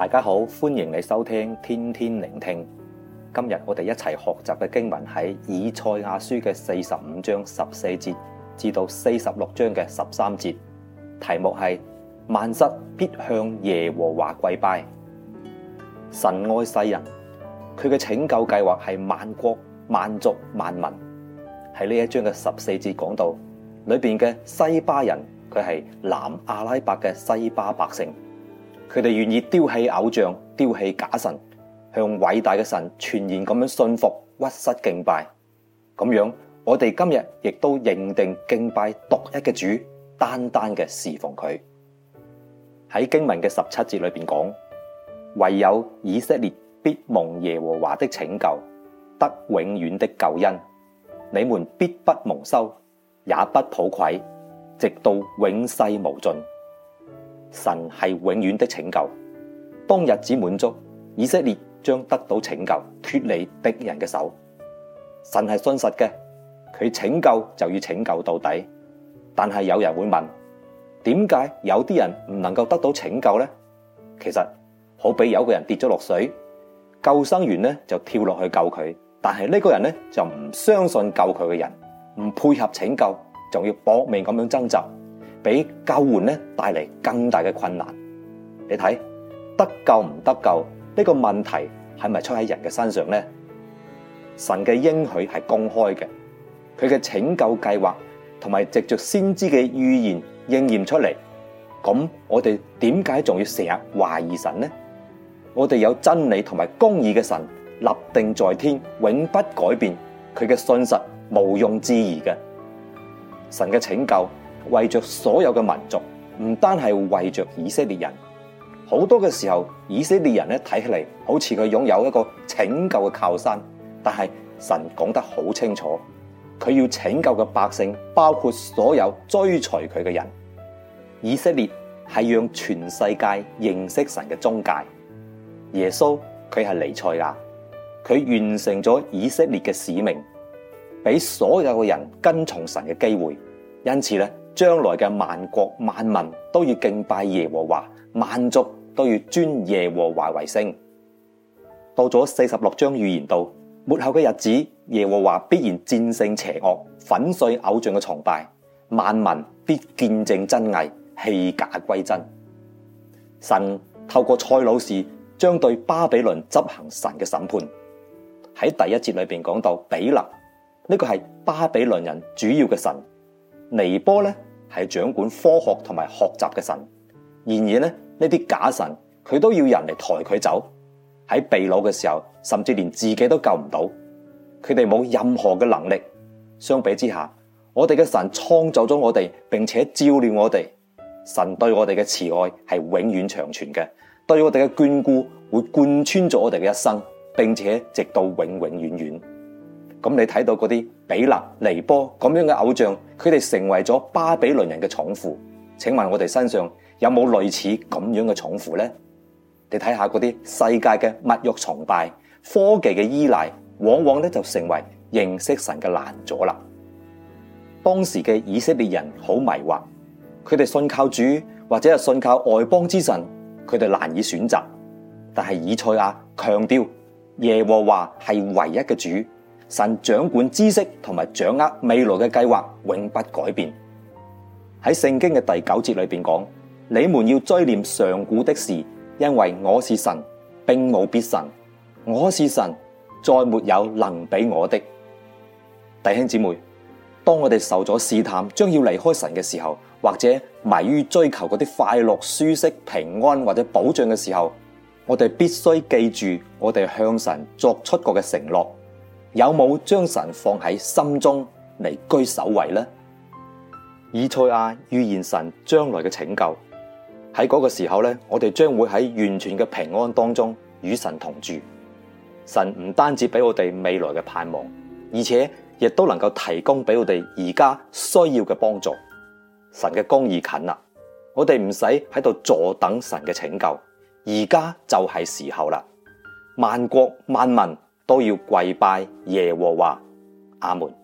大家好，歡迎你收聽天天聆聽。今日我哋一齊學習嘅經文喺以賽亞書嘅四十五章十四節至到四十六章嘅十三節，題目係萬膝必向耶和華跪拜。神愛世人，佢嘅拯救計劃係萬國、萬族、萬民。喺呢一章嘅十四節講到，裏邊嘅西巴人，佢係南阿拉伯嘅西巴百姓。佢哋願意丟棄偶像，丟棄假神，向偉大嘅神全然咁樣信服、屈膝敬拜。咁樣，我哋今日亦都認定敬拜獨一嘅主，單單嘅侍奉佢。喺經文嘅十七節裏邊講，唯有以色列必蒙耶和華的拯救，得永遠的救恩。你們必不蒙羞，也不抱愧，直到永世無盡。神係永遠的拯救，當日子滿足，以色列將得到拯救，脫離敵人嘅手。神係信實嘅，佢拯救就要拯救到底。但係有人會問，點解有啲人唔能夠得到拯救呢？其實好比有個人跌咗落水，救生員呢就跳落去救佢，但係呢個人呢就唔相信救佢嘅人，唔配合拯救，仲要搏命咁樣掙扎。俾救援呢，帶嚟更大嘅困難你看。你睇，得救唔得救呢，呢個問題係咪出喺人嘅身上呢？神嘅應許係公開嘅，佢嘅拯救計劃同埋藉著先知嘅預言應驗出嚟。咁我哋點解仲要成日懷疑神呢？我哋有真理同埋公義嘅神立定在天，永不改變，佢嘅信實，毋庸置疑嘅。神嘅拯救。為着所有嘅民族，唔單係為着以色列人，好多嘅時候，以色列人咧睇起嚟，好似佢擁有一個拯救嘅靠山，但係神講得好清楚，佢要拯救嘅百姓包括所有追隨佢嘅人。以色列係讓全世界認識神嘅中介，耶穌佢係彌賽亞，佢完成咗以色列嘅使命，俾所有嘅人跟從神嘅機會，因此咧。將來嘅萬國萬民都要敬拜耶和華，萬族都要尊耶和華為聖。到咗四十六章預言到末後嘅日子，耶和華必然戰勝邪惡，粉碎偶像嘅崇拜，萬民必見證真偽，棄假歸真。神透過塞魯士將對巴比倫執行神嘅審判。喺第一節裏邊講到，比勒，呢、這個係巴比倫人主要嘅神。尼波咧係掌管科學同埋學習嘅神，然而咧呢啲假神佢都要人嚟抬佢走，喺被擄嘅時候甚至連自己都救唔到，佢哋冇任何嘅能力。相比之下，我哋嘅神創造咗我哋，並且照料我哋，神對我哋嘅慈愛係永遠長存嘅，對我哋嘅眷顧會貫穿咗我哋嘅一生，並且直到永永遠遠遠。咁你睇到嗰啲比勒、尼波咁樣嘅偶像？佢哋成為咗巴比倫人嘅重馱，請問我哋身上有冇類似咁樣嘅重馱咧？你睇下嗰啲世界嘅物欲崇拜、科技嘅依賴，往往咧就成為認識神嘅難阻啦。當時嘅以色列人好迷惑，佢哋信靠主或者係信靠外邦之神，佢哋難以選擇。但係以賽亞強調耶和華係唯一嘅主。神掌管知識同埋掌握未來嘅計劃，永不改變。喺聖經嘅第九節裏邊講：你們要追念上古的事，因為我是神，並無別神。我是神，再沒有能比我的。弟兄姊妹，當我哋受咗試探，將要離開神嘅時候，或者迷於追求嗰啲快樂、舒適、平安或者保障嘅時候，我哋必須記住我哋向神作出過嘅承諾。有冇將神放喺心中嚟居首位呢？以賽亞預言神將來嘅拯救，喺嗰個時候呢，我哋將會喺完全嘅平安當中與神同住。神唔單止俾我哋未來嘅盼望，而且亦都能夠提供俾我哋而家需要嘅幫助。神嘅公義近啦，我哋唔使喺度坐等神嘅拯救，而家就係時候啦，萬國萬民。都要跪拜耶和華，阿門